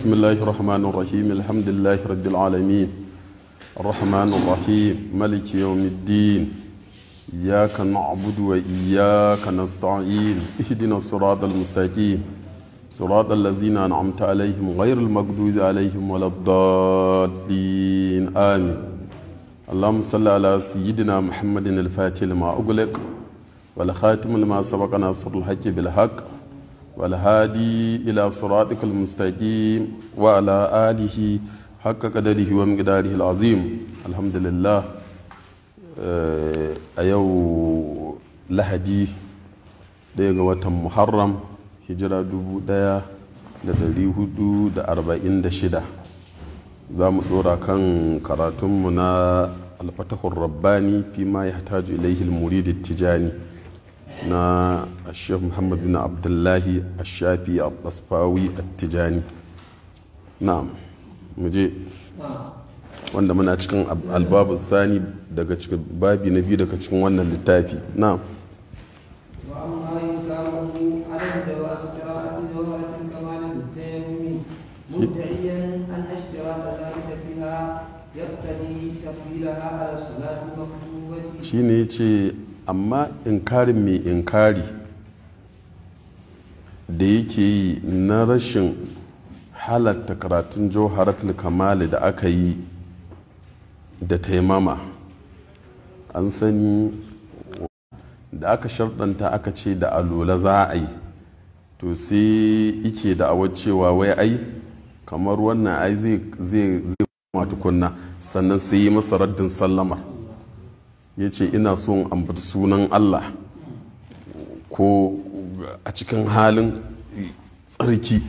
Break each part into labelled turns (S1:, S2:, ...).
S1: بسم الله الرحمن الرحيم الحمد لله رب العالمين الرحمن الرحيم ملك يوم الدين إياك نعبد وإياك نستعين اهدنا الصراط المستقيم صراط الذين أنعمت عليهم غير المغضوب عليهم ولا الضالين آمين اللهم صل على سيدنا محمد الفاتح لما أغلق والخاتم لما سبق ناصر الحق بالحق والهادي إلى صراطك المستقيم وعلى آله حق قدره ومقداره العظيم الحمد لله أيو لهدي ديغا وتم محرم هجرة دبو دايا لدري هدو دا أربعين دا شدة za mu ɗora kan karatunmu na alfatahun rabbani fi ma ya hataju ilaihi muridi tijani na Sheikh Muhammad bin Abdullahi ashafi shafi Al-Asfawi At-Tijani na'am muje wanda muna cikin albabu sani daga cikin babi na biyu daga cikin wannan littafi na'am shi ne ya ce amma inkarin mai inkari da yake yi na rashin halatta karatun joharatul kamali da aka yi da taimama an sani da aka sharɗanta aka ce da alola za a yi to sai ike da awar cewa wai ai kamar wannan ai zai zai zai tukunna sannan sai yi masa raddin sallama ya ce ina son ambar sunan allah ko a cikin halin tsarki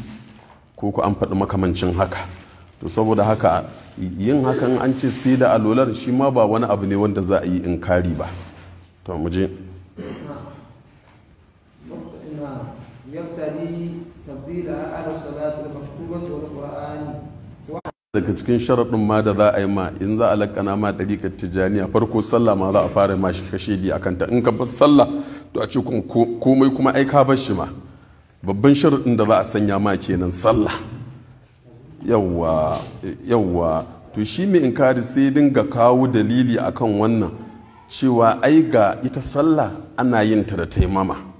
S1: ko ku an faɗi makamancin haka to saboda haka yin hakan an ce sai da alolar shi ma ba wani abu ne wanda za a yi kari ba to mu je daga cikin sharaɗin ma da za a yi ma in za a lakana ma ɗariƙar tijjaniya farko sallah ma za a fara ma shi kashe a kanta in ka bar sallah to a ce komai kuma aika ka bar shi ma babban sharaɗin da za a sanya ma kenan sallah yawwa yawwa to shi mai inkari sai dinga kawo dalili akan wannan cewa ai ga ita sallah ana yin ta da taimama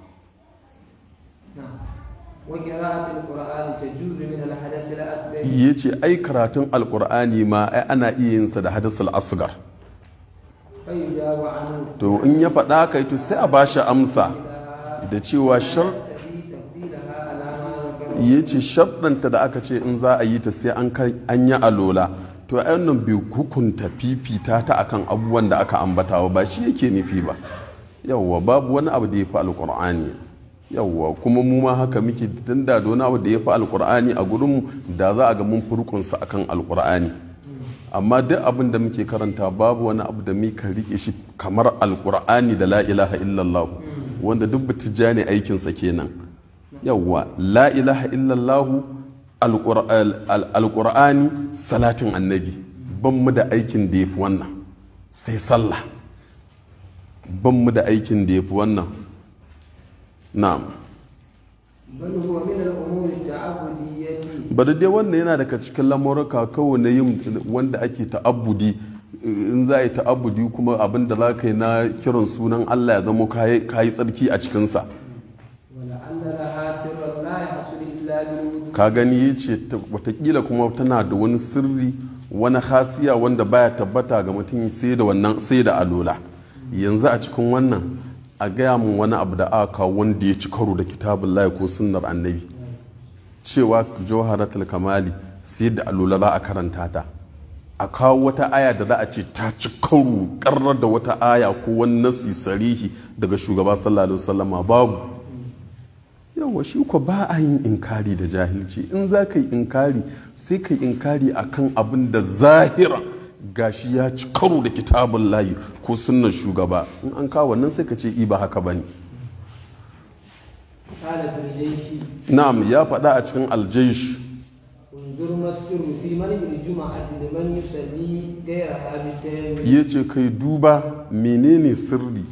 S1: ya ce ai karatun alkur'ani ma ai ana iya yinsa da hadasul asgar to in ya faɗa kai to sai a ba shi amsa da cewa shar ya ce sharɗanta da aka ce in za a yi ta sai an yi alola to yannan bai hukunta fifita ta akan abubuwan da aka ambata ba shi yake nufi ba yawwa babu wani abu da ya fi alkur'ani yawwa kuma mu ma haka muke tun da dona da ya fi alkur'ani a gurinmu da za a ga mun furkunsa akan alkur'ani amma duk abin da muke karanta babu wani abu da muka rike shi kamar alkur'ani da la illallah wanda duk ja ne aikinsa kenan yawwa la illallah alkur'ani salatin annabi ban mu da aikin da ya fi wannan sai sallah ban mu da aikin da ya fi wannan na'am Bada dai wannan yana daga cikin lamurka kawai na yin wanda ake ta'abudi in za a yi ta'abudi kuma abin da za ka yi na kiran sunan allah ya zama ka yi tsarki a cikinsa ka gani ce watakila kuma tana da wani sirri wani hasiya wanda baya tabbata ga mutum sai da wannan sai da alola yanzu a cikin wannan a gaya mun wani abu da aka kawo wanda ya ci karo da kitabun layi ko sunnar annabi cewa jawharatul kamali sai da alula za a karanta ta a kawo wata aya da za a ce ta ci karo karar da wata aya ko wani nasi sarihi daga shugaba sallallahu alaihi babu Yau shi ko ba a yin inkari da jahilci in za ka yi inkari sai ka yi inkari akan abin da zahira gashi ya ci karo da kitabun layi ko sunan shugaba in an kawo wannan sai ka ce i ba haka ba na'am ya faɗa a cikin aljaish ya ce kai duba menene sirri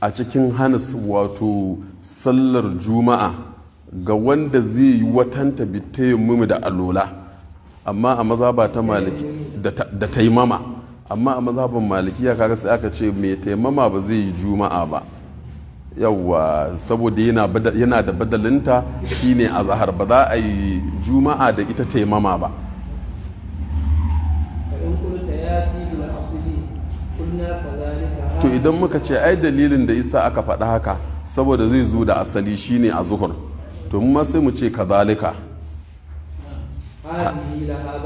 S1: a cikin hana wato sallar juma'a ga wanda zai yi watanta bitayen mumu da alola amma a maza ba ta maliki da taimama amma a mazhabin malikiya kaga sai aka ce mai taimama ba zai yi juma'a ba yawwa saboda yana da badalinta shine a zahar ba za a yi juma'a da ita taimama ba to idan muka ce ai dalilin da isa aka faɗa haka saboda zai zo da asali shine a zuhur to mu sai mu ce kazalika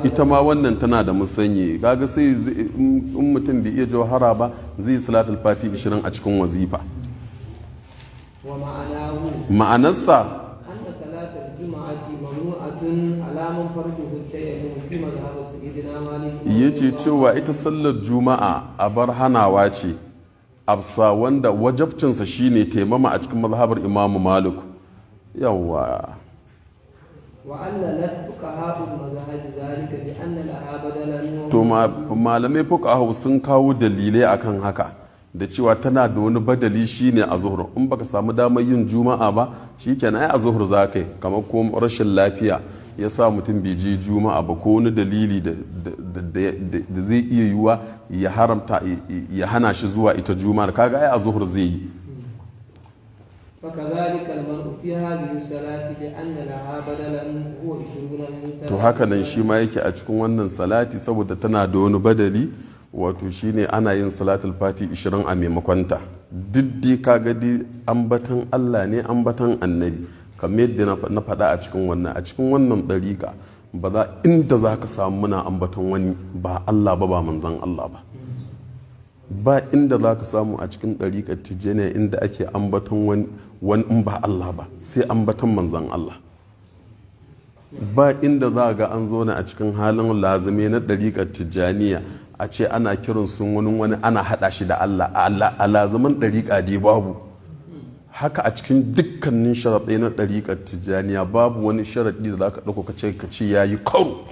S1: ita ma wannan tana da musanyi kaga sai in mutum bai iya jawhara ba zai yi salatul fati 20 a cikin wazifa ma'anarsa ya ce cewa ita sallar juma'a a bar hanawa ce absa wanda wajabcinsa shine taimama a cikin mazhabar imamu malik yawwa to malamai hau sun kawo dalilai akan haka da cewa tana da wani badali shine a zuhur in baka samu damar yin juma'a ba shikenan ai a zuhur za kai kamar ko rashin lafiya ya sa mutum bai je juma'a ba ko wani dalili da zai iya yiwuwa ya ya hana shi zuwa ita juma'a kaga ai a zuhur zai yi to haka nan shi ma yake a cikin wannan salati saboda tana da wani badali wato shine ana yin salatul fati 20 a maimakonta diddi gadi an ambatan Allah ne ambatan annabi kamar yadda na faɗa a cikin wannan a cikin wannan ɗariƙa ba za inda za ka samu muna ambatan wani ba Allah ba ba manzan Allah ba ba inda za ka samu a cikin ɗariƙar tijjaniya inda ake ambaton wani in ba Allah ba sai ambaton manzan Allah ba inda za ga an zo a cikin halin lazime na ɗariƙar tijjaniya a ce ana kiran sun wani wani ana haɗa shi da Allah a lazimin ɗariƙa dai babu haka a cikin dukkanin sharaɗai na ɗariƙar tijjaniya babu wani sharaɗi da za ka ɗauko ka ce ka ce ya yi kawo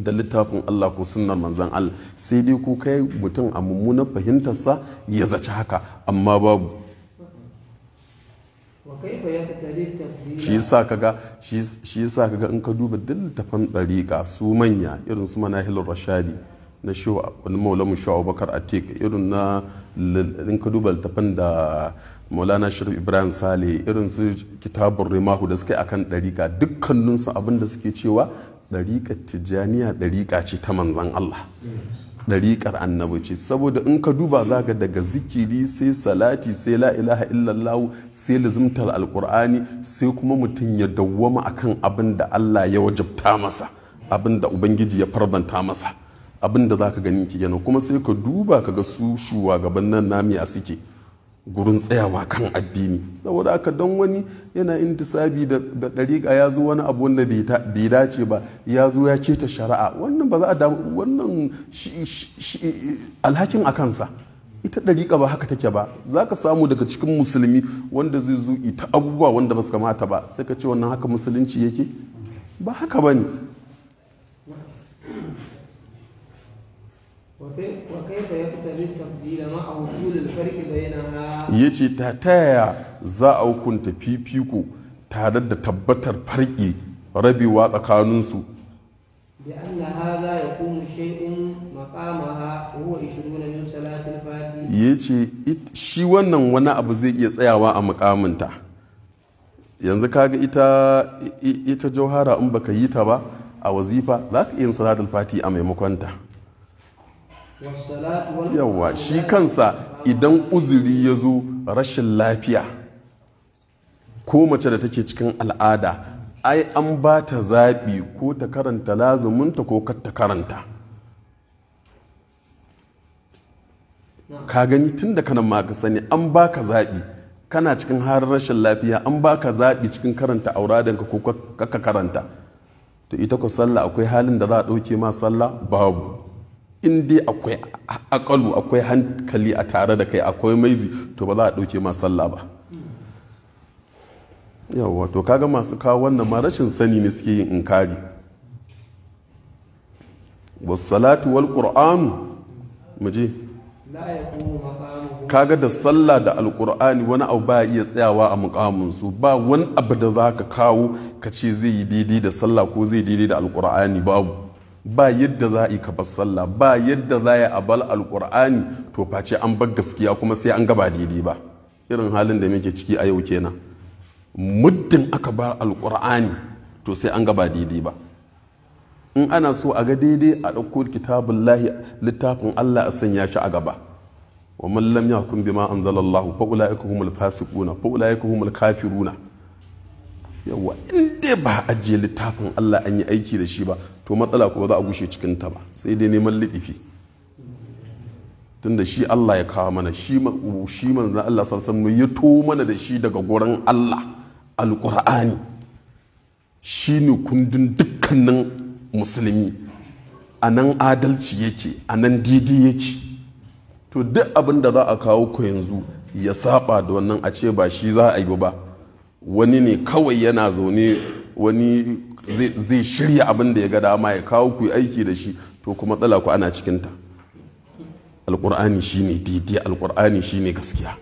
S1: da littafin Allah ko sunnar manzan Allah sai dai ko kai mutum a mummunan fahimtarsa ya zaci haka amma babu shi yasa kaga shi yasa kaga in ka duba duk littafan dariƙa su manya irin su manahilur rashadi na shi wani maulamu shi a atik irin na in ka duba littafan da maulana shirif ibrahim sale irin su kitabun rimahu da suka yi akan ɗarika dukkaninsu abinda suke cewa ɗariƙar tijjaniya ɗariƙa ce ta manzan Allah ɗariƙar annabi ce saboda in ka duba za ka daga zikiri sai salati sai la ilaha illallah sai lizimtar alƙur'ani sai kuma mutum ya dawwama akan abin da Allah ya wajabta masa abin da ubangiji ya farbanta masa abin da za ka gani kenan kuma sai ka duba ka ga su nami namiya suke gurin tsayawa kan addini saboda haka don wani yana intisabi da dariƙa ya zo wani abu wanda bai dace ba ya zo ya keta shari'a wannan ba za a damu wannan alhakin a kansa ita dariƙa ba haka take ba za ka samu daga cikin musulmi wanda zai zo ita abubuwa wanda ba su kamata ba sai ka ce wannan haka musulunci yake ba haka ba ne ya ce ta taya za a hukunta fifiko tare da tabbatar farki rabewa tsakaninsu ya ce shi wannan wani abu zai iya tsayawa a mukaminta yanzu kaga ita ita in baka yi ta ba a wazifa za ka iya salatul fati a maimakonta yawa shi kansa idan uzuri ya zo rashin lafiya ko mace da take cikin al'ada ai an ba ta zaɓi ko ta karanta lazuminta ko ta karanta ka gani tun da kanan ma ka sani an ba ka zaɓi kana cikin harin rashin lafiya an ba ka zaɓi cikin karanta auradanka ko ka karanta to ita ku sallah akwai halin da za a ɗauke ma sallah babu in dai akwai akalu akwai hankali a tare da kai akwai maizi to ba za a ɗauke ma sallah ba yawwa to kaga masu kawo wannan ma rashin sani ne suke yin inkari wasalatu wal qur'anu muje kaga da sallah da Alƙur'ani, wani abu ba iya tsayawa a mukamin su ba wani abu da zaka kawo ka ce zai yi daidai da sallah ko zai daidai da alqur'ani babu ba yadda za a yi kabar sallah ba yadda za a abal alkur'ani to face an bar gaskiya kuma sai an gaba daidai ba irin halin da muke ciki a yau kenan muddin aka bar alkur'ani to sai an gaba daidai ba in ana so a ga daidai a ɗauko kitabun lahi littafin Allah a sanya shi a gaba wa man lam yahkum bima anzalallahu fa ulaika humul fasiquna fa ulaika humul kafiruna yawa dai ba ajiye littafin Allah an yi aiki da shi ba to matsala kuma za a gushe cikin ta ba sai dai neman liɗifi tunda shi Allah ya kawo mana shi shi manzon Allah sallallahu alaihi ya to mana da shi daga gurin Allah alqur'ani shine kundin dukkanin musulmi a nan adalci yake a nan didi yake to duk abin da za a kawo ku yanzu ya saba da wannan a ce ba shi za a yi ba wani ne kawai yana zaune wani zai shirya abin da ya ga dama ya kawo ku aiki da shi to kuma tsala ku ana cikinta alkur'ani ne daidai alkur'ani ne gaskiya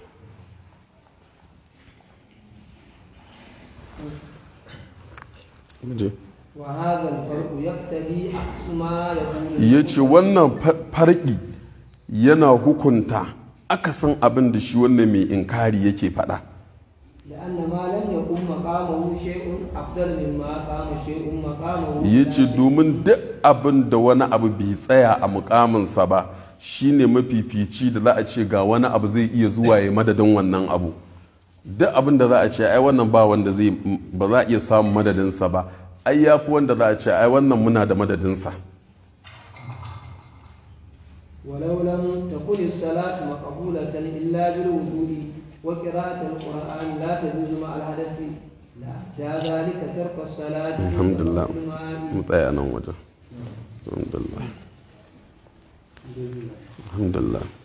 S1: ya ce wannan farki yana hukunta akasin abin da shi wanda mai inkari yake faɗa ya ce domin duk abin da wani abu bai tsaya a mukaminsa ba shine mafifici da za a ce ga wani abu zai iya zuwa ya madadin wannan abu duk abin da za a ce ai wannan ba wanda zai ba za a iya samun madadinsa ba ai ya fi wanda za a ce ai wannan muna da madadinsa ولو لم تكن الصلاة مقبولة إلا بالوجود وقراءة القرآن لا تجوز مع الحدث لا ذلك ترك الصلاة الحمد لله مطيعنا وجه الحمد لله الحمد لله